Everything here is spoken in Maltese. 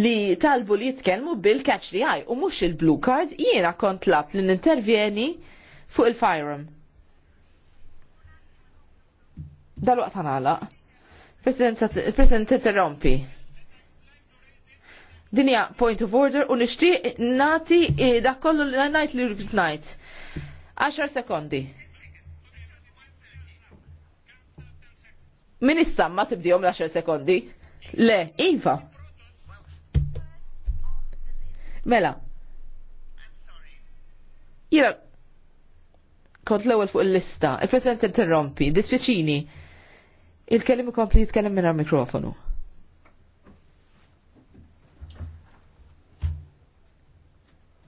li talbu li jitkellmu bil-catch li għaj u mux il-blue card jiena kont lab li nintervjeni fuq il-firearm. Dal-waqt għanala. President interrompi Dinja point of order u nishtiq nati eh, dak kollu li najt li rrit najt. 10 sekondi. Min ma tibdijom l-10 sekondi? Le, Iva. Mela, jira, kont l-ewel fuq il-lista, il-President interrompi, dispieċini, il-kellim kompli jitkellem minn mikrofonu. mikrofonu